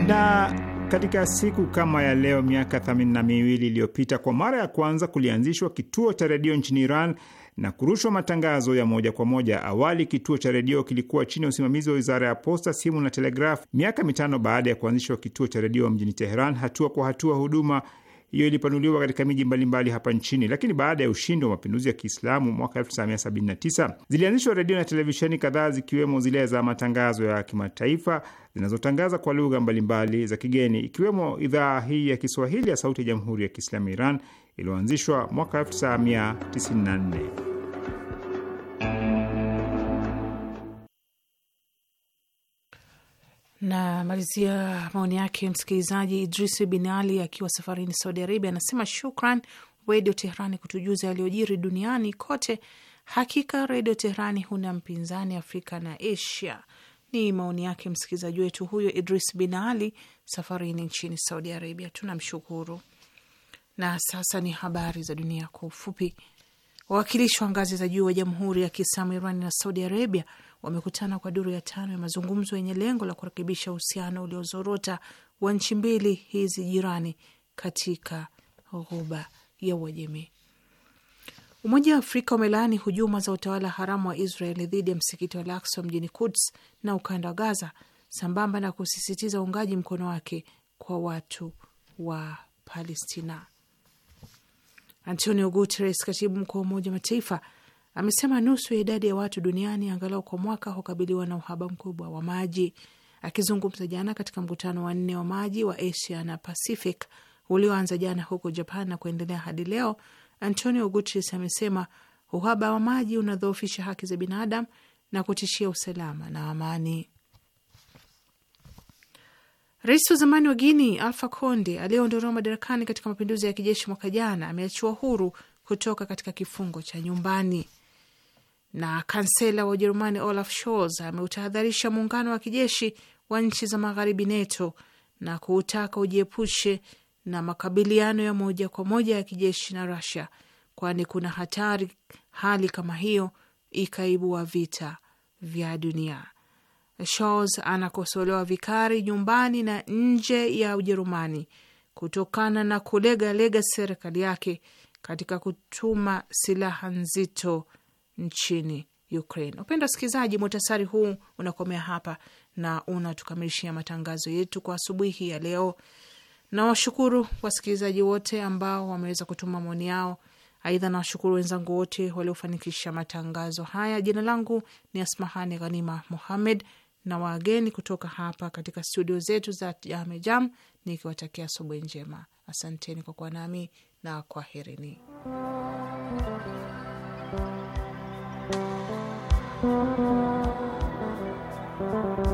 Na katika siku kama ya leo miaka themanini na miwili iliyopita kwa mara ya kwanza kulianzishwa kituo cha redio nchini Iran na kurushwa matangazo ya moja kwa moja. Awali kituo cha redio kilikuwa chini ya usimamizi wa wizara ya posta, simu na telegrafu. Miaka mitano baada ya kuanzishwa kituo cha redio mjini Teheran, hatua kwa hatua huduma hiyo ilipanuliwa katika miji mbalimbali hapa nchini. Lakini baada ya ushindi wa mapinduzi ya Kiislamu mwaka 1979 zilianzishwa redio na televisheni kadhaa, zikiwemo zile za matangazo ya kimataifa zinazotangaza kwa lugha mbalimbali za kigeni, ikiwemo idhaa hii ya Kiswahili ya Sauti ya Jamhuri ya Kiislamu Iran iliyoanzishwa mwaka 1994. na malizia maoni yake msikilizaji idris bin Ali akiwa safarini Saudi Arabia, anasema shukran Redio Teherani kutujuza yaliyojiri duniani kote. Hakika Redio Teherani huna mpinzani Afrika na Asia. Ni maoni yake msikilizaji wetu huyo Idris bin Ali safarini nchini Saudi Arabia, tunamshukuru. Na sasa ni habari za dunia kwa ufupi. Wawakilishi wa ngazi za juu wa Jamhuri ya Kiislamu Irani na Saudi Arabia wamekutana kwa duru ya tano ya mazungumzo yenye lengo la kurekebisha uhusiano uliozorota wa nchi mbili hizi jirani katika ghuba ya Uajemi. Umoja wa Afrika umelaani hujuma za utawala haramu wa israel dhidi ya msikiti wa Al-Aqsa mjini kuts na ukanda wa Gaza, sambamba na kusisitiza uungaji mkono wake kwa watu wa Palestina. Antonio Guterres, katibu mkuu wa Umoja wa Mataifa, amesema nusu ya idadi ya watu duniani angalau kwa mwaka hukabiliwa na uhaba mkubwa wa maji. Akizungumza jana katika mkutano wa nne wa maji wa Asia na Pacific ulioanza jana huko Japan na kuendelea hadi leo, Antonio Guterres amesema uhaba wa maji unadhoofisha haki za binadamu na kutishia usalama na amani. Rais wa zamani wa Guini Alfa Conde aliyeondolewa madarakani katika mapinduzi ya kijeshi mwaka jana ameachiwa huru kutoka katika kifungo cha nyumbani. Na kansela wa Ujerumani Olaf Scholz ameutahadharisha muungano wa kijeshi wa nchi za magharibi NATO na kuutaka ujiepushe na makabiliano ya moja kwa moja ya kijeshi na Rusia, kwani kuna hatari hali kama hiyo ikaibua vita vya dunia. Scholz anakosolewa vikali nyumbani na nje ya Ujerumani kutokana na kulegalega serikali yake katika kutuma silaha nzito nchini Ukraine. Upendo wasikilizaji, muhtasari huu unakomea hapa na unatukamilishia matangazo yetu kwa asubuhi hii ya leo. Nawashukuru wasikilizaji wote ambao wameweza kutuma maoni yao. Aidha, nawashukuru wenzangu wote waliofanikisha matangazo haya. Jina langu ni Asmahani Ghanima Mohamed na wageni kutoka hapa katika studio zetu za Jame Jamejam, nikiwatakia asubuhi njema. Asanteni kwa kuwa nami na kwaherini. Thank you.